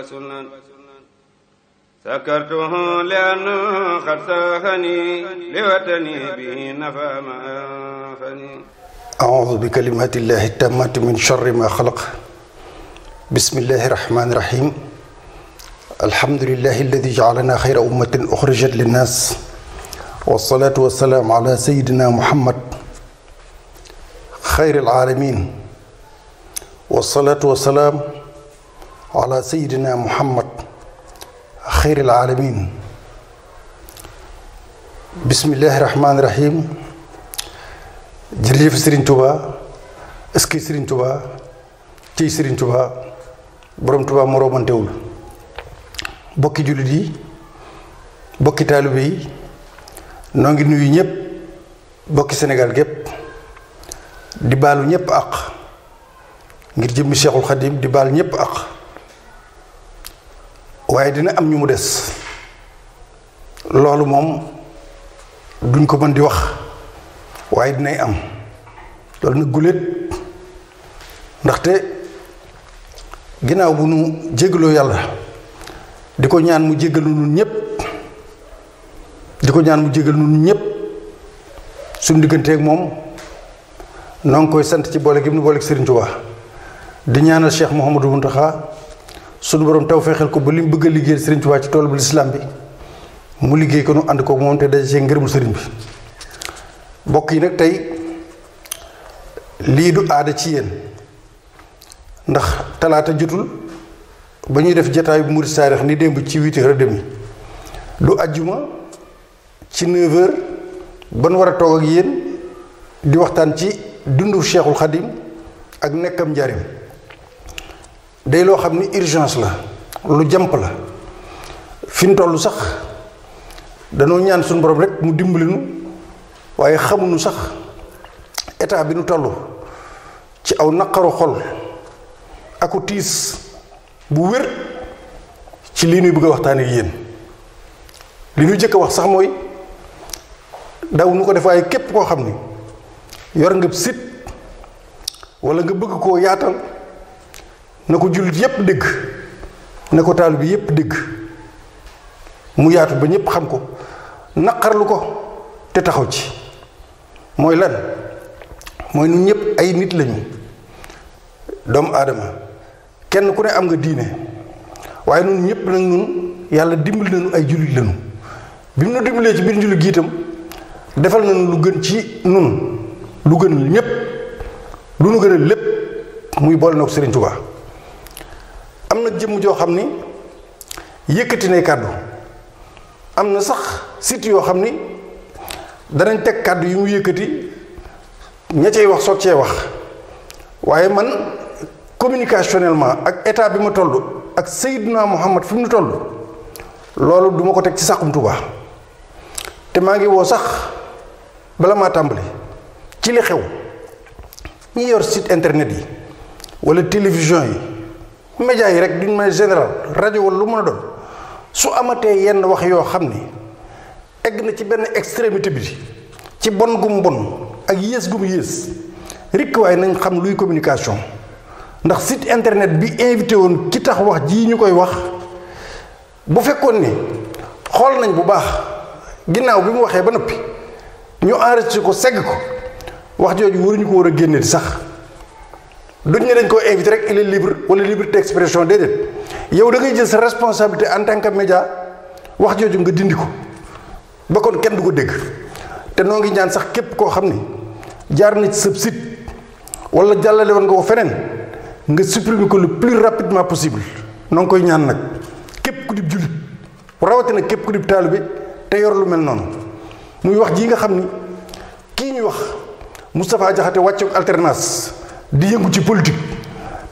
وسنن سكرته لأنه قد ساخني لوطني به نفى ما أنفني أعوذ بكلمات الله التامة من شر ما خلق بسم الله الرحمن الرحيم الحمد لله الذي جعلنا خير أمة أخرجت للناس والصلاة والسلام على سيدنا محمد خير العالمين والصلاة والسلام wa ala sayidina muhammad xayril alamin bismillahi rahmaani rahim jërëjëf Serigne Touba est-ce que Serigne Touba tey Serigne borom Touba moroomantewul bokki jullit yi bokki taalibe yi noo ngi nuyu ñëpp bokki senegal gépp di baalu ñëpp ak ngir jëmmi Cheikhul Khadim di baal ñëpp ak waaye dina am ñu mu des loolu moom duñ ko mën di wax waaye dinay am loolu nag guléet ndaxte ginnaaw bu nu jégaloo yàlla di ko ñaan mu jégal nun ñépp di ko ñaan mu jégal nun ñépp suñu digganteeg moom noo ngi koy sant ci boole gi mu boole ak Serigne Touba di ñaanal Cheikh mu Mountakha suñu borom taw feexel ko ba li mu bëgg a liggéeyal Serigne Touba ci tool bu lislaam bi mu liggéey ko nu ànd ko moom te daje see ngërëmu Serigne bi mbokk yi nag tey lii du aada ci yéen ndax talaata jotul ba ñuy def jataay bu Mouride Saarix ni démb ci huit heures et demie du ajjuma ci neuf heures ban war a toog ak yéen di waxtaan ci dundu Cheikhul Khadim ak nekkam njariñ day loo xam ni urgence la lu jàmp la fi ñu toll sax danoo ñaan suñu borom rek mu dimbali nu waaye xamuñu sax état bi nu toll ci aw naqaru xol aku tiis bu wér ci lii nuy bëgg a waxtaan ak yéen li ñu jëkk a wax sax mooy daw nu ko def waaye képp koo xam ni yor nga sit wala nga bëgg koo yaatal na ko jullit yépp dégg na ko taalibe yépp dégg mu yaatu ba ñépp xam ko naqarlu ko te taxaw ci mooy lan mooy ñun ñépp ay nit lañu doomu aadama kenn ku ne am nga diine waaye ñun ñépp nag ñun yàlla dimbali nañu ay jullit lañu bi mu nu ci biir njullit gi defal nañu lu gën ci nun lu gën ñépp lu nu gën a lépp muy boole na ko Sëriñ Tuubaa am na jëmm joo xam ni yëkkati nay kàddu am na sax site yoo xam ni danañ teg kàddu yu mu yëkkati ña cay wax soo cee wax waaye man communicationnellement ak état bi ma toll ak Seydina Muhammad fi mu toll loolu duma ko teg ci Saxum Touba te maa ngi woo sax bala maa tàmbali ci li xew ñi yor site internet yi wala télévision yi média yi rek d'une manière général rajo wala lu mën a doon su amatee yenn wax yoo xam ni egg na ci benn extrémité bi ci bon gum bon ak yées gum yées rikk waaye nañ xam luy communication ndax sit internet bi invité woon ki tax wax jii ñu koy wax bu fekkoon ni xool nañ bu baax ginnaaw bi mu waxee ba noppi ñu enregistré ko segg ko wax jooju waruñu ko war a génne sax duñ ne dañ koo invité rek il est libre wala liberté d'expression déedéet yow da ngay jël sa responsabilité en tant que média wax jooju nga dindi ko ba kon kenn du ko dégg te noo ngi ñaan sax képp koo xam ni jaar na ci sab site wala jàllale woon nga ko feneen nga supprimer ko lu plus rapidement possible noo ngi koy ñaan nag képp ku dib jullit rawatina képp ku dib taalibe te yor lu mel noonu muy wax ji nga xam ni kii ñuy wax Moustapha Diakhaté wàccu alternance di yëngu ci politique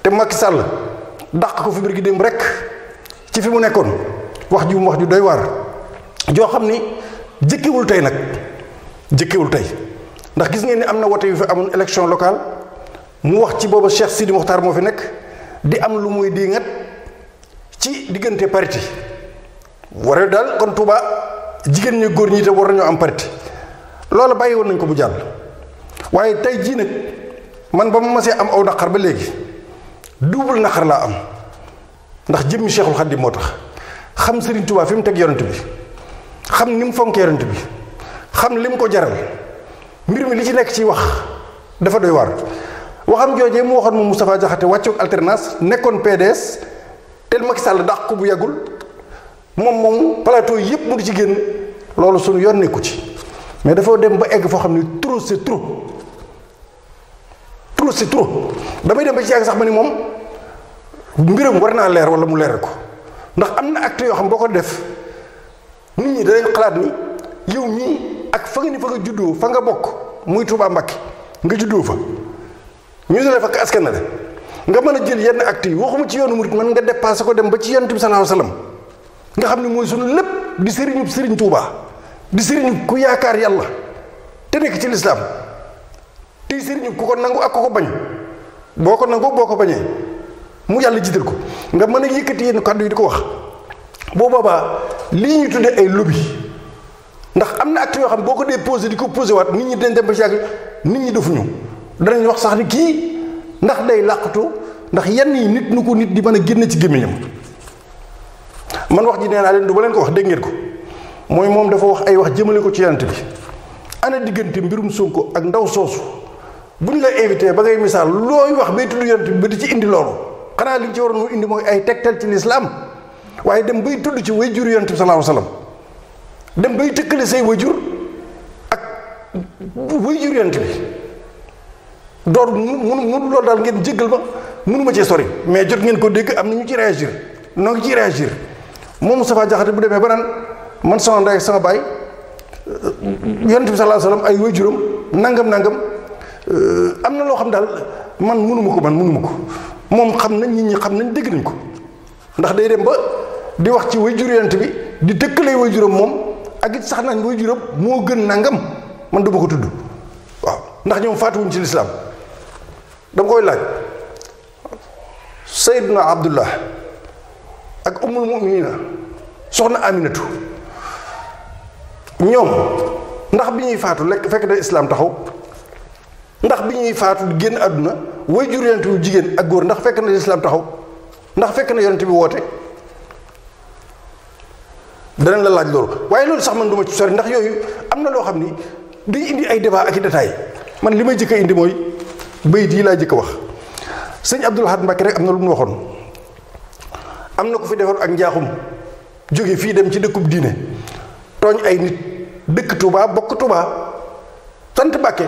te Macky Sall dàq ko fi mbir gi dem rek ci fi mu nekkoon wax ju wax ju day waar joo xam ni jëkkewul tey nag jëkkewul tey ndax gis ngeen ni am na wote yu fi amoon élection locale mu wax ci booba Cheikh Sidi Mokhtar moo fi nekk di am lu muy diingat ci diggante parité waree daal kon Touba jigéen ñi góor ñi te war nañoo am parité loolu bàyyi woon nañ ko bu jàll waaye tey jii nag. man ba mu ma masee am aw naqar ba léegi duubul naqar laa am ndax jëmmi Cheikhul Khadim moo tax xam Serigne Touba fi mu teg yonent bi xam ni mu fonkee yonent bi xam li mu ko jaral mbir mi li ci nekk ci wax dafa doy waar waxam joojee mu waxoon moom Moustapha Diakhaté wàccoog alternance nekkoon PDS tel Macky Sall dàq ko bu yàggul moom moom plateau yépp mu di ci génn loolu suñu yoon nekku ci mais dafoo dem ba egg foo xam ni trop c'est trop loolu damay dem ba ci yàgg sax ma ni moom mbiram war naa leer wala mu leer ko ndax am na act yoo xam boo ko def nit ñi dañu xalaat ni yow ñii ak fa nga ni fa nga juddoo fa nga bokk muy Touba Mbacké nga juddoo fa ñu ne la fa le nga mën a jël yenn acte yi waxuma ci yoonu murit man nga dépassé ko dem ba ci yonent bi sallallahu alayhi wasallam nga xam ne mooy sunu lépp di sëriñu sëriñ Touba di sëriñu ku yaakaar yàlla te nekk ci lislaam tey sëriñu ku ko nangu ak ku ko bañ boo ko nangoo boo ko bañee mu yàlla jiital ko nga mën a yëkkati yenn kàddu yi di ko wax boo boobaa lii ñu tuddee ay lobby ndax am na acte yoo xam ne boo ko dee posé di ko posé waat nit ñi dañ dem ba si nit ñi defuñu danañ wax sax ni kii ndax day làqatu ndax yenn yi nit ñu ko nit di mën a génne ci gémmiñam man wax ji nee naa leen du ba leen ko wax dégg ko mooy moom dafa wax ay wax jëmale ko ci yonent bi ana diggante mbirum Sonko ak ndaw soosu bu ñu lay invité ba ngay misaal looy wax bay tudd yonent bi ba di ci indi loolu xanaa li ci waroon indi mooy ay tegtal ci lislaam waaye dem bay tudd ci way jur yonent bi sallallahu dem bay tëkkale say way jur ak way jur yonent bi door daal ngeen jéggal ma mënuma cee sori mais jot ngeen ko dégg am na ñu ci réagir noo ci ciy réagir moom Moustapha Diakhaté bu demee ba naan man sama ndey ak sama baay yonent bi sallallahu alayhi wasallam ay way juróom nangam nangam Euh, am na loo xam daal man mënuma ko man mënuma ko moom xam nañ nit ñi xam nañ dégg nañ ko ndax day dem ba di wax ci way jur bi di dëkkalee way juróom moom ak it sax nañ way juram moo gën nangam man du ma ko tudd waaw ndax ñoom faatuwuñ ci lislaam koy laaj sayduna abdullah ak umul soxna aminatu ñoom ndax bi ñuy faatu lekk fekk da islaam taxaw ndax bi ñuy faatu génn àdduna way jur yonent bu jigéen ak góor ndax fekk na lislaam taxaw ndax fekk na yonent bi woote dana la laaj loolu waaye loolu sax man du ma ci sori ndax yooyu am na loo xam ni day indi ay débat ak i man li may jëkk a indi mooy bayit yi laa jëkk a wax sëñ Abdul Ahad Mbacké rek am na lu mu waxoon am na ko fi defaru ak njaaxum jóge fii dem ci dëkkub diine tooñ ay nit dëkk Touba bokk Touba sant Mbacké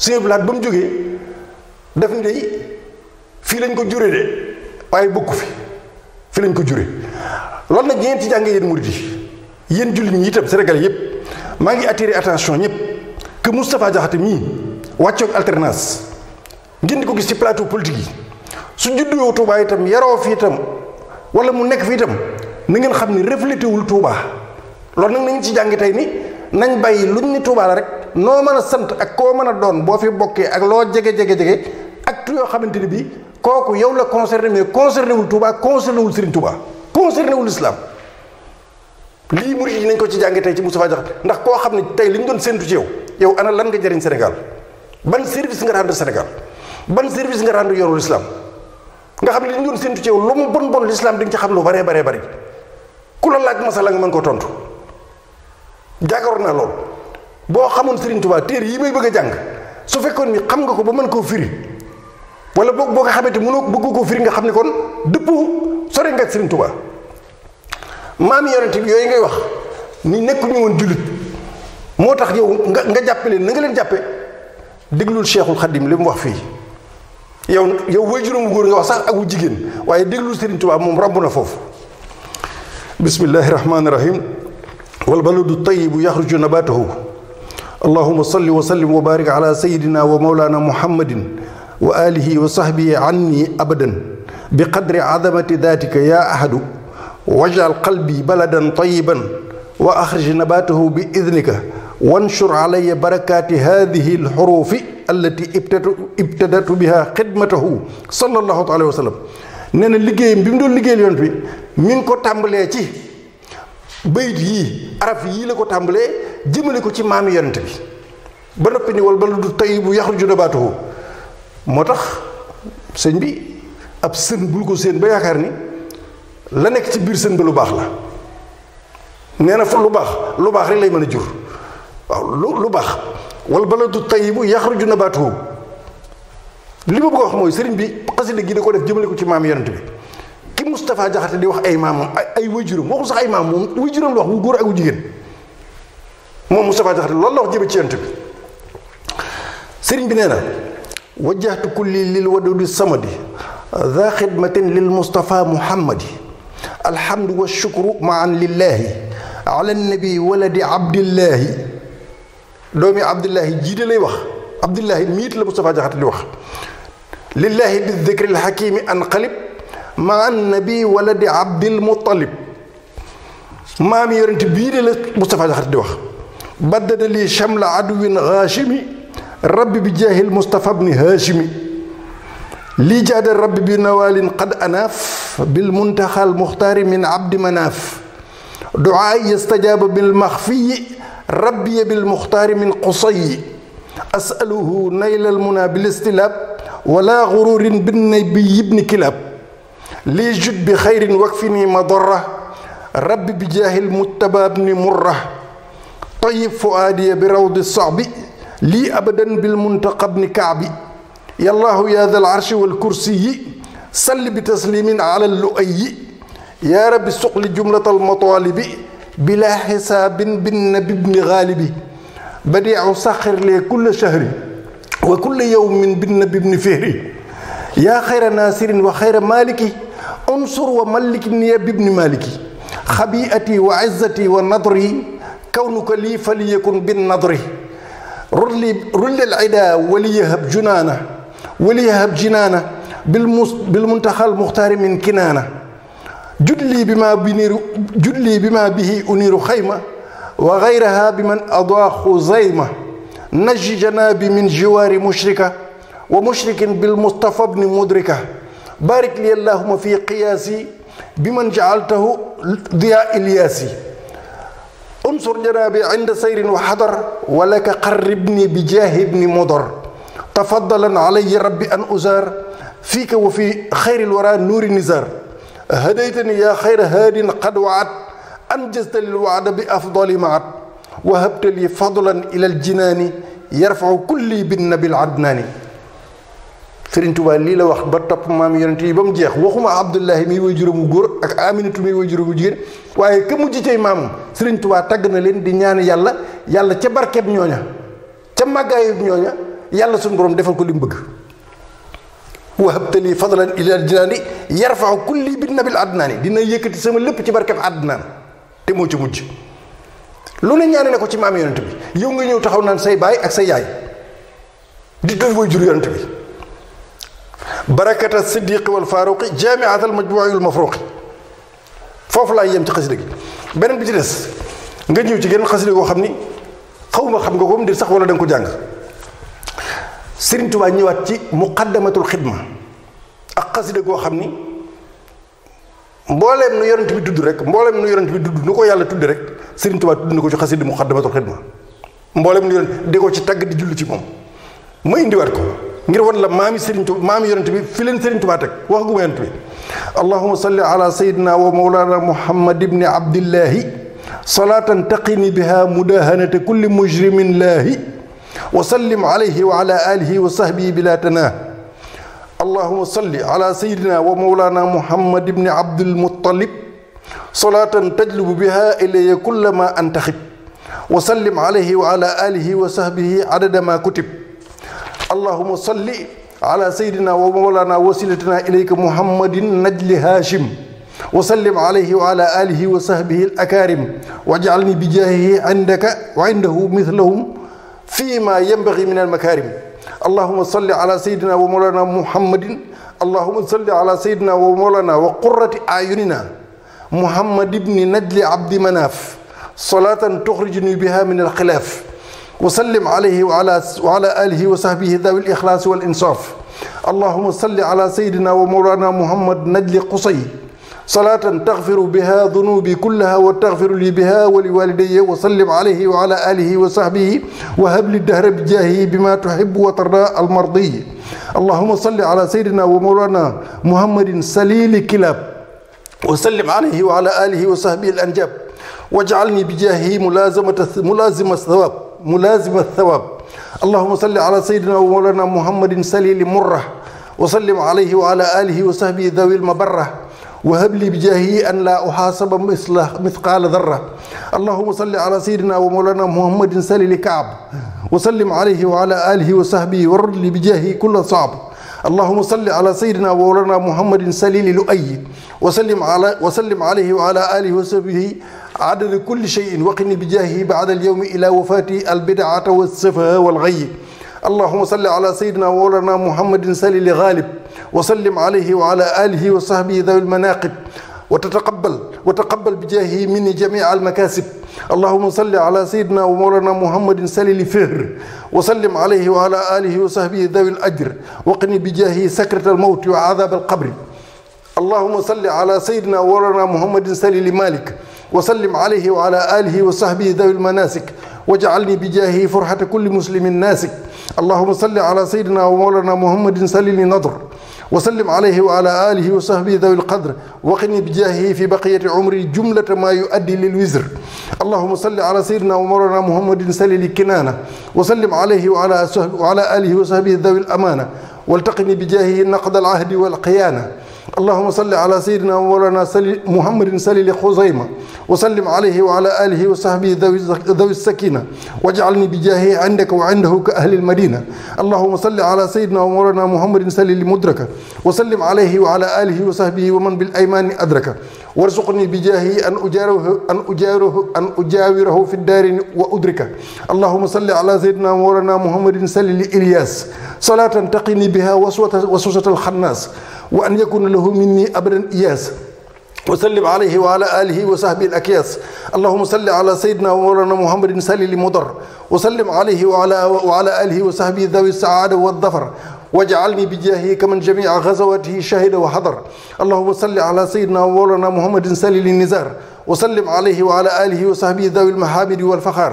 Sëñ Blaat ba mu jógee def ni day fii lañ ko jure de waaye bokku fi fii lañ ko jure loolu nag ngeen ci jàngee yéen yéen jullit ñi itam yëpp maa ngi attirer attention ñëpp que Moustapha Diakhaté mii wàccoog alternance ko gis ci plateau politique yi su juddoo Touba fi itam wala mu nekk fi itam na ngeen xam ni reflété wul Touba loolu na nañ ci jàng tey ni nañ bàyyi luñ ni Touba la rek. noo mën a sant ak koo mën a doon boo fi bokkee ak loo jege jege jege ak yoo xamante ni bii kooku yow la concerné mais concerné wul Touba concerné wul Serigne Touba concerné wul Islam lii murid yi nañ ko ci jànge tey ci Moustapha Diakhaté ndax koo xam ne tey li ñu doon séntu ci yow yow ana lan nga jëriñ Sénégal ban service nga rendre Sénégal ban service nga rendre yoonu l'islam nga xam ne li ñu doon séntu ci yow lu mu bon bon l'islam di nga ci xam lu baree bare bari ku la laaj masala nga mën ko tontu jàkkaroon naa loolu. boo xamoon Serigne Touba téere yi may bëgg a jàng su fekkoon ni xam nga ko ba mën koo firi wala boog boo ko xamante mënoo bëgg koo firi nga xam ne kon dëppoo sore nga ak Serigne yooyu ngay wax ni nekkuñu woon jullit moo tax yow nga nga jàppe leen na nga leen jàppe déglul Cheikhul Khadim li mu wax fii yow yow way juróom góor nga wax sax ak wu jigéen waaye déglul Serigne Touba moom romb na foofu bismillahi rahmaani rahim wal baladu tayibu yaxruju nabatahu allahuma salli wa sallim wa barik ala sayidina wa mawlana muhammadin wa alihi wa sahbihi anni abadan bi qadri azamati datika ya ahadu wajal qalbi baladan tayiban wa axrij nabatahu bi idnika wanshur alaya barakati hadihi alxurufi allati ibtadatu biha xidmatahu sallallahu alayhi wa sallam nee na liggéeyam bi mu doon liggéeyal yonent bi mi ngi ko tàmbalee ci bayit yii araf yii la ko tàmbalee jëmale ko ci maami yonent bi ba noppi ni wal baladu tayyibu yaxruju nabaatuhu moo tax sëñ bi ab sën bul ko seen ba yaakaar ni la nekk ci biir sën bi lu baax la nee na fa lu baax lu baax rek lay mën a jur waaw lu lu baax wal ba baladu tayyibu yaxruju nabaatuhu li ma bëgg a wax mooy sëriñ bi xasida gi da ko def jëmale ko ci maami yonent bi ki Moustapha Jaxate di wax ay maamam ay waajuram waxul sax ay maam moom waajuram la wax wu góor ak bu jigéen moom Moustapha Diakhaté loolu la wax jëme ci yonent bi sëriñ bi nee na wajjahtu kulli lil wadudi samadi daa xidmatin lil Moustapha Muhammadi alhamdu wa shukru maan lillaahi ala nabi waladi abdillahi doomi abdillahi jiite lay wax abdillahi miit la Moustapha Diakhaté di wax lillaahi bi dikri alxakimi an qalib maan nabi waladi abdil muttalib maami yonent bii de la Moustapha Diakhaté di wax baddada lii chamla aduwin haachimi rabbi bi jaahil mustapha bni haachimi lii jaada rabbi bi nawaalin qad anaaf bil muntaxa al muxtaari min abdi manaaf duaay yastajaaba bil maxfiyi rabbiya bil muxtaari min qusayi asaluhu nayla al muna bil istilaab wala gururin bin nabi yibni kilaab lii jud bi xayrin wakfini madara rabbi bi jaahil muttabaa bni murra tayib fuaadiya bi rawdi soxbi lii abadan bil muntaqab ni kaabi yallaahu yaa dal arshi wal kursi yi salli bi taslimin ala lu ay yi yaa rabbi suqli jumlatal mataalibi bilaa xisaabin bin nabi bni xaalibi badiicu saxir lee kulla shahri wa kulla yowmin bin nabi bni fihri yaa xayra naasirin wa xayra maaliki unsur wa malik niya bibni maaliki xabiati wa izzati wa nadri kawnuka lii faliyakun bin nadri rulli rullil ida waliyahab junaana waliyahab jinaana bil mus bil muntaxal muxtaari min kinaana judlii bi maa biniru judlii bi maa bihi uniru xayma wa gayraha bi man adaa xuzayma najji janaabi min jiwaari mushrika wa mushrikin bil mustafa bni mudrika barik li allahuma fi qiyaasi bi man jacaltahu diyaa ilyaasi unsur janaabi inda sayrin wa xadar walaka qarribni bi jaahi ibni mudar tafaddalan alayya rabbi an uzaar fiika wa fi xayri lwara nuuri nizar hadaytani yaa xayra haadin qad waat anjazta lil waada bi afdali maat wa habta li fadlan ila aljinaani yarfacu kulli binnabi al adnaani Sëriñ Tuubaa lii la wax ba topp maam yonent yi ba mu jeex waxuma Abdullahi mi way juróomu góor ak Aminatu mi way juróomu jigéen waaye ka mujj cay maamam Sëriñ Tuubaa tagg na leen di ñaan yàlla yàlla ca barkeb ñooña ca màggaayub ñooña yàlla suñu borom defal ko li mu bëgg wahabtali fadlan ilal jinaani yarfau kulli bi nabil adnaani dina yëkkati sama lépp ci barkeb adnaan te moo ca mujj lu ne ñaane na ko ci maam yonent bi yow nga ñëw taxaw naan say baay ak say yaay di bi barakat al siddiq wal faaruqi jaamiat al majmuuci ma mafruqi foofu laay yem ci xasida gi beneen bi ci des nga ñëw ci geneen xasida goo xam ni xaw ma xam nga ko mu dir sax wala da ko jàng Sëriñ ñëwaat ci muqaddamatul xidma ak xasida goo xam ni mbooleem nu yonent bi dudd rek mbooleem nu yonent bi dudd nu ko yàlla tudd rek Sëriñ Tuubaa tudd na ko ci xasida muqaddamatul xidma mbooleem nu yonent di ko ci tagg di julli ci moom ma indiwaat ko ngir wan la maami Serigne Touba maami yonent bi fi leen Serigne Touba teg wax gu ma yonent bi allahuma salli ala sayidina wa mawlana muhammad ibni abdillahi salaatan taqini biha mudahanata kulli mujrimin laahi wa sallim alayhi wa ala alihi wa sahbihi bila tanah allahuma salli ala sayidina wa mawlana muhammad ibni abdul muttalib salaatan tajlubu biha ilaya kullama antaxib wa sallim alayhi wa ala alihi wa sahbihi adada ma kutib allahuma salli ala sayyidina wa mawlana wasilatina ilayka muhammadin najli hashim wa sallim alayhi wa ala alihi wa sahbihi al akarim waj'alni bi jaahihi indaka wa indahu mithlahum fima yanbaghi min al makarim allahuma salli ala sayyidina wa mawlana muhammadin allahuma salli ala sayyidina wa mawlana wa qurrati ayunina muhammad ibni najli abdi manaf salatan tuxrijuni biha min al xilaaf وسلم عليه وعلى وعلى آله وصحبه ذوي الإخلاص والإنصاف اللهم صل على سيدنا ومولانا محمد نجل قصي صلاة تغفر بها ذنوبي كلها وتغفر لي بها ولوالدي وسلم عليه وعلى آله وصحبه وهب لي الدهر بجاهه بما تحب وترضى المرضي اللهم صل على سيدنا ومولانا محمد سليل كلاب وسلم عليه وعلى آله وصحبه الأنجاب واجعلني بجاهه ملازمة ملازم الثواب ملازم الثواب اللهم صل على سيدنا ومولانا محمد سليل مرة وسلم عليه وعلى آله وصحبه ذوي المبرة وهب لي بجاهه أن لا أحاسب مثله مثقال ذرة اللهم صل على سيدنا ومولانا محمد سليل كعب وسلم عليه وعلى آله وصحبه ورد لي بجاهه كل صعب اللهم صل على سيدنا ومولانا محمد سليل لؤي وسلم على وسلم عليه وعلى آله وصحبه adada kulli cheyin waqini bi jaahi baada al yowmi ila wafaati al bidaata wa safa wal xayi allahuma salli ala sayidina mawlana muhammadin salili xaalib wa sallim alayhi wa ala alihi wa sahbihi dawi lmanaqib wa tataqabal wa taqabal bi jaahi minni jamia almakasib allahuma salli ala sayidina wa mawlana muhammadin salili fihr wa sallim alayhi wa ala alihi wa sahbihi dawi lajr waqini bi jaahi sakrat almawti wa adab alqabri allahuma salli ala sayidina wa mawlana muhammadin salili malik وسلم عليه وعلى آله وصحبه ذوي المناسك واجعلني بجاهه فرحة كل مسلم ناسك اللهم صل على سيدنا ومولانا محمد سليل نضر وسلم عليه وعلى آله وصحبه ذوي القدر وقني بجاهه في بقية عمري جملة ما يؤدي للوزر اللهم صل على سيدنا ومولانا محمد سليل كنانة وسلم عليه وعلى, وعلى آله وصحبه ذوي الأمانة والتقني بجاهه نقد العهد والقيانة allahuma salli ala sayidina wa mawlana sali muhammadin salili xusayma wa sallim alayhi wa ala alihi wa sahbihi dawi sakina waj'alni bi jaahi indaka wa indahu ka ahli almadina allahuma salli ala sayidina wa mawlana muhammadin salili mudraka wa sallim alayhi wa ala alihi wa sahbihi wa man bil aymani adraka warzuqni bi jaahi an ujaarahu an ujaarahu an ujaawirahu fi daarini wa udrika allahuma salli ala sayidina wa mawlana muhammadin salili ilyas salatan taqini biha waswata waswasata alxannaas wa an yakuna lahu minni abadan iyaas وسلم عليه وعلى آله وصحبه الأكياس اللهم صل على سيدنا ومولانا محمد سليل المضر وسلم عليه وعلى, وعلى آله وصحبه ذوي السعادة والظفر واجعلني بجاهه كمن جميع غزواته شهد وحضر اللهم صل على سيدنا ومولانا محمد سليل النزار وسلم عليه وعلى آله وصحبه ذوي المحامد والفخار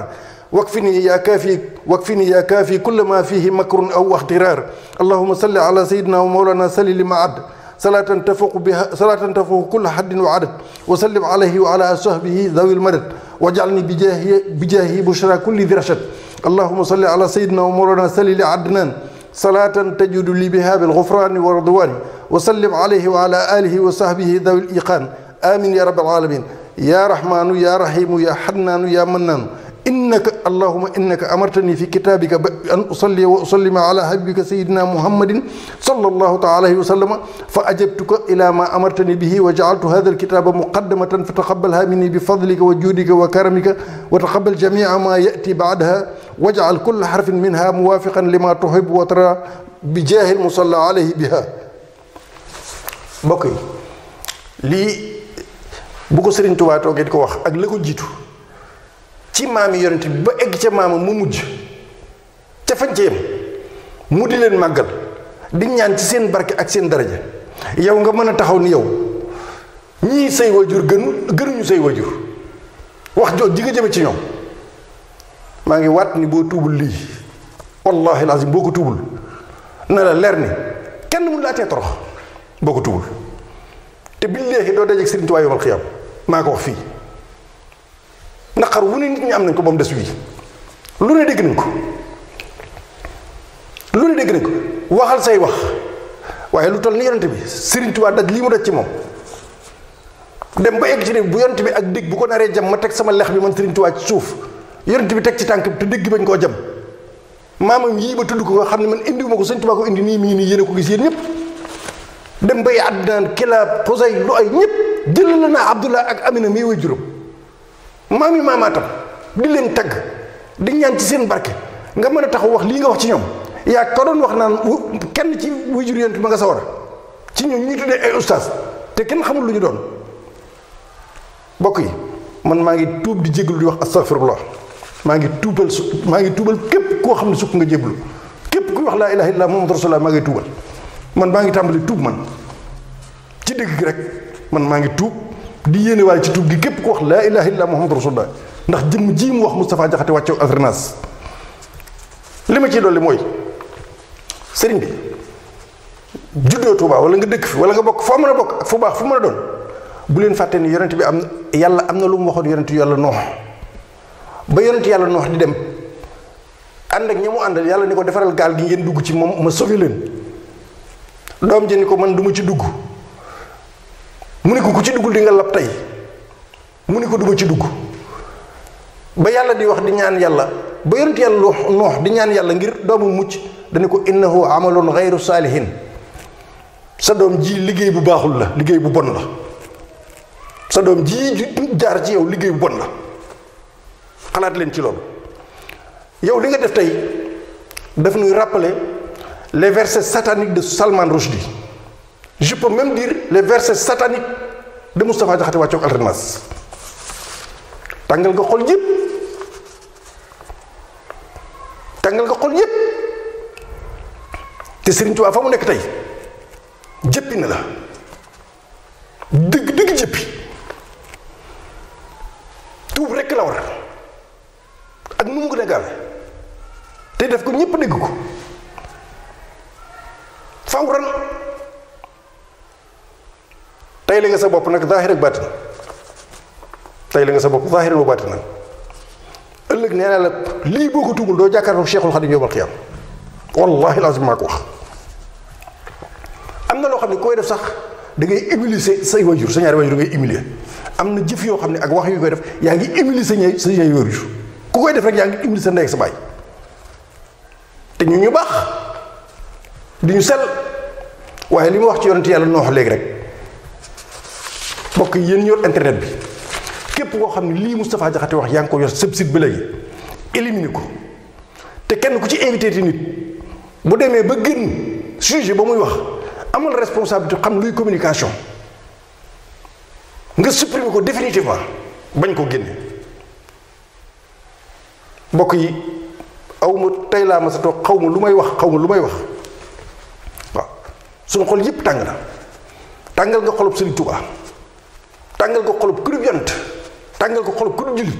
واكفني يا كافي واكفني يا كافي كل ما فيه مكر أو اخترار اللهم صل على سيدنا ومولانا سليم عبد صلاة تفوق بها صلاة تفوق كل حد وعدد وسلم عليه وعلى صحبه ذوي المدد واجعلني بجاهه بجاهه بشرى كل ذي رشد اللهم صل على سيدنا ومولانا سليل عدنان صلاة تجد لي بها بالغفران والرضوان وسلم عليه وعلى آله وصحبه ذوي الإيقان آمين يا رب العالمين يا رحمن يا رحيم يا حنان يا منان innaka allahuma innaka amartani fi kitaabika ba an usalli wa usallima ala habibika sayidina muhammadin sallallahu taala alayhi wa sallama fa ajabtuka ila ma amartani bihi wa jaaltu hada alkitaba muqaddamatan fa taqabalha minni bi fadlika wa juudika wa karamika wa taqabal jamia ma yati baadaha wajcal kulla xarfin minha muwaafiqan lima tuhib wa tara bi jaahil musalla alayhi biha mbokk yi lii bu ko Sëriñ Tuubaa toogee di ko wax ak la ko jiitu ci maami yonent bi ba egg ca maama mu mujj ca fañ ca yem mu di leen màggal di ñaan ci seen barke ak seen daraja yow nga mën a taxaw ni yow ñii say wajur gënu gënuñu say wajur wax jooj ji nga jëme ci ñoom maa ngi waat ni boo tuubul lii wallahi lazim boo ko tuubul na la leer ni kenn mun laa torox boo ko tuubul te billaahi doo dajeeg Sëriñ Tuubaa yawmal qiyaam maa ko wax fii naqar wu ne nit ñi am nañ ko ba mu des wii lu ne dégg nañ ko lu ne dégg nañ ko waxal say wax waaye lu toll ni yonent bi Sëriñ Tuubaa daj lii mu daj ci moom dem ba egg ci ne bu yonent bi ak dégg bu ko naree jam ma teg sama lex bi man Sëriñ Tuubaa ci suuf yonent bi teg ci tànk bi te dégg bañ koo jam maamam yii ba tudd ko nga xam ne man indiwuma ko Sëriñ Tuubaa ko indi nii mii nii yéen ko gis yéen ñëpp dem bay Adnaan Kilaab Xusay lu ay ñëpp jël la naa Abdullah ak Amina mii way juróom maam yi maamaatam di leen tagg di ñaan ci seen barke nga mën a taxaw wax lii nga wax ci ñoom yaa ko doon wax naan kenn ci wajur yonent ma nga sawara ci ñoom ñu tuddee ay ustaas te kenn xamul lu ñu doon bokk yi man maa ngi tuub di jéglu di wax astaghfirullah maa ngi tuubal maa ngi tuubal képp koo xam ne sukk nga jéblu képp kuy wax laa ilaha illallah muhammadu rasulullah maa ngi tuubal man maa ngi tàmbali tuub man ci dégg gi rek man maa ngi tuub di yéene waaye ci tuub gi képp ko wax laa ilaha illa muhammadu rasulullah ndax jëmm jii mu wax Moustapha Jaxate wàcce asrenas li ma ciy dolli mooy sëriñ bi juddoo Tuubaa wala nga dëkk fi wala nga bokk foo mën a bokk ak fu baax fu mën a doon bu leen fàtte ni yonent bi am yàlla am na lu mu waxoon yonent yàlla noox ba yonent yàlla noox di dem ànd ak ña mu àndal yàlla ni ko defaral gaal gi ngeen dugg ci moom ma sauvé leen doom ji ni ko man duma ci dugg mu ne ko ku ci dugg di nga lab tey mu ne ko dugg ci dugg ba yàlla di wax di ñaan yàlla ba yonent yàlla noox di ñaan yàlla ngir doomu mucc dana ko innahu amalun gayru saalihin sa doom ji liggéey bu baaxul la liggéey bu bon la sa doom ji jaar ci yow liggéey bu bon la xalaat leen ci loolu yow li nga def tey daf nuy rappeler les versets sataniques de Salman Rushdie je peux même dire les versets sataniques de Moustapha Diakhaté wàccoog alternance tàngal nga xol yëpp tàngal nga xol yëpp te Serigne Touba fa mu nekk tey jëppi na la dëgg dëgg jëppi tuub rekk la war ak nu mu gën a gaawe te def ko ñëpp dégg ko faw ran tayle nga sa bopp nag zaahir ak baatin tayle nga sa bopp zaahir wa baatin nag nee naa la lii boo ko tuggul doo jàkkaarloo Cheikhul Xadim yawmal qiyaam wallaahi lazim maa ko wax. am na loo xam ne koy def sax da ngay humilier say say waajur sa ñaari am na jëf yoo xam ne ak wax yu yaa ngi humilier sa ñaari sa ku koy def rek yaa ngi humilier te ñu ñu baax di ñu sell waaye li ma wax ci yonent yàlla noox léegi rek. bokk yi yéen yoor internet bi képp koo xam ne lii Moustapha Diakhaté wax yaa ngi ko yor sëb site bi léegi éliminer ko te kenn ku ci invité ti nit bu demee ba gën sujet ba muy wax amul responsabilité xam luy communication nga supprimer ko définitivement bañ ko génne mbokk yi awma tey laa ma sa toog xaw ma lu may wax xaw ma lu may wax waaw suñu xol yépp tàng na tàngal nga xolub Sëriñ Tuubaa tàngal ko xolub ku dul yont tàngal ko xolub ku dul jullit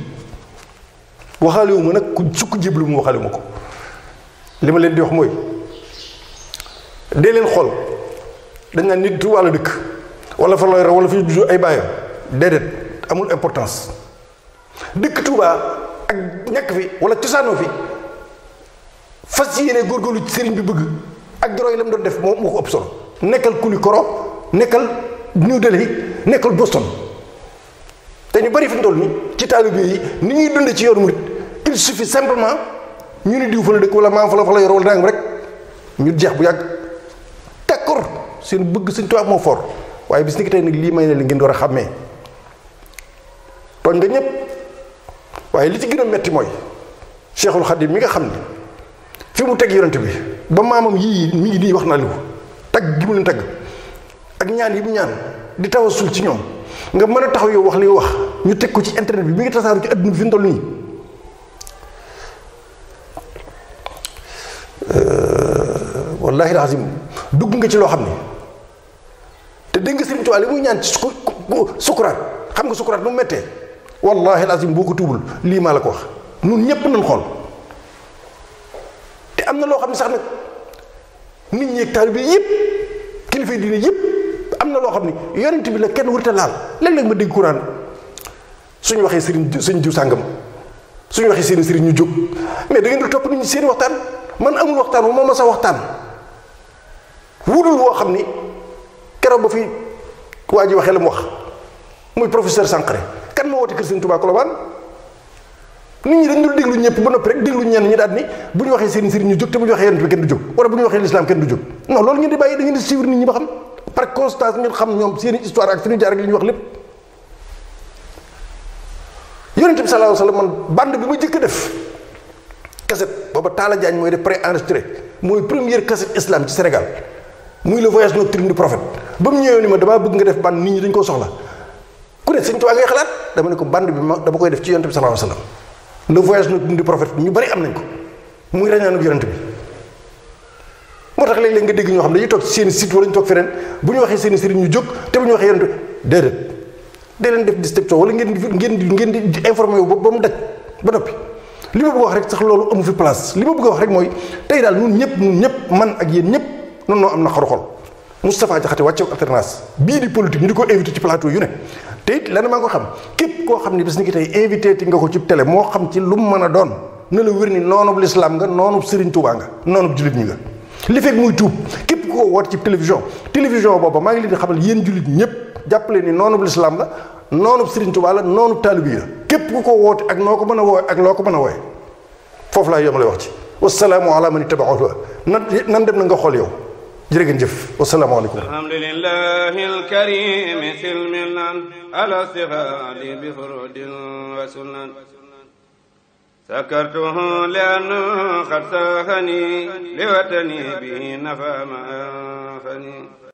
waxaalewu ma nag ku sukk jéblu mu waxaalewu ma ko li ma leen di wax mooy dee leen xool dañ naan nit du wàll dëkk wala fa looy raw wala fi ñu judd ay bàyyam déedéet amul importance dëkk Tuubaa ak ñàkk fi wala cosaanoo fi fas yéene góorgóorlu ci sëriñ bi bëgg ak doroy la mu doon def moo moo ko ëpp solo nekkal Kulikoro nekkal New Delhi nekkal Boston te ñu fi mu toll nii ci taalibe yi ni ñuy dund ci yoonu murit il suffit simplement ñu ni diw fa la dëkk wala maam fa la fa la yor wala nangam rek ñu jeex bu yàgg d'accord seen bëgg seen moo fort waaye bis ni ki tey lii may ne li ngeen door ñëpp waaye li ci gën metti mooy Cheikhul Khadim mi nga xam ni fi mu teg yonent bi ba maamam yii mi ngi nii wax naa li ko tagg gi mu leen tagg ak ñaan yi mu ñaan di tawasul ci ñoom nga mën a taxaw yow wax li wax ñu teg ko ci internet bi mi ngi tasaaru ci adduna bi fi mu nii euh, wallaahi alazim dugg nga ci loo xam ne te dégg nga Sëriñ Tuubaa li muy ñaan ci su sukuraat xam nga sukuraat nu mu méttee wallaahi boo ko tuubul lii maa la ko wax nun ñépp nañ xool te am na loo xam ne sax nag nit ñi ak taalibe yépp kilifa diine yépp am na loo xam ne yonent bi la kenn wërta laal léeg-léeg ma dégg kuraan suñu waxee sëriñ sëñ diw sàngam suñu waxee seen sëriñ ñu jóg mais da di topp nit ñi seen waxtaan man amul waxtaan bu ma mës a waxtaan wudul woo xam ni keroog ba fi waa ji waxee la mu wax muy professeur Sankaré kan sëriñ ñu jóg te bu waxee yonent kenn du jóg wala bu ñu waxee lislaam kenn du jóg non loolu ngeen di bàyyi da ngeen di suivre nit ñi ba xam par constance ngeen xam ñoom seen histoire ak fi jaar ak li ñu wax lépp yonent bi sallallahu alayhi wa sallam man bande bi ma jëkk def cassette booba Talla Diagne mooy def pré-enregistré mooy première cassette islam ci Sénégal muy le voyage nocturne du prophète ba mu ñëwee ni ma damaa bëgg nga def bande nit ñi dañ koo soxla ku ne sëñ Tuubaa ngay dama ne ko bande bi ma dama koy def ci yonent bi sallallahu alayhi wa sallam le voyage nocturne du ñu bari am nañ ko muy rañaanu yonent bi moo tax léeg-léeg nga dégg ñoo xam dañuy toog seen site wala ñu toog feneen bu ñu waxee seen sëriñ ñu jóg te ñu waxee yonent déedéet da leen def déception wala ngeen di ngeen di ngeen di informé wu ba mu daj ba noppi li ma bëgg wax rek sax loolu amu fi place li ma bëgg a wax rek mooy tey daal ñun ñëpp ñun ñëpp man ak yéen ñëpp noonu noo am na xaru xol Moustapha Diakhaté wàcce alternance bii di politique ñu ko invité ci plateau yu ne te it lan maa ko koo xam ne bis ni invité nga ko ci télé moo xam ci lu mu mën a doon ne la wér ni noonub lislaam nga noonub Serigne Touba nga noonub jullit koo woot ci télévision télévision booba maa ngi leen di xamal yéen ñëpp jàppale ni noonub lislaam la noonub Serigne Touba la noonub taalibi la képp ku ko woote ak noo ko mën a wooye ak loo ko mën a wooye foofu laa yomale wax ci wasalaamu ala man ittaba'a huda nan nan dem na nga xool yow jërë ngeen jëf wasalaamaaleykum alhamdulillahi alkarim silmilan ala sihadi bi furudin wa sunan سكرته لأنه قد ساهني لوطني به نفى ما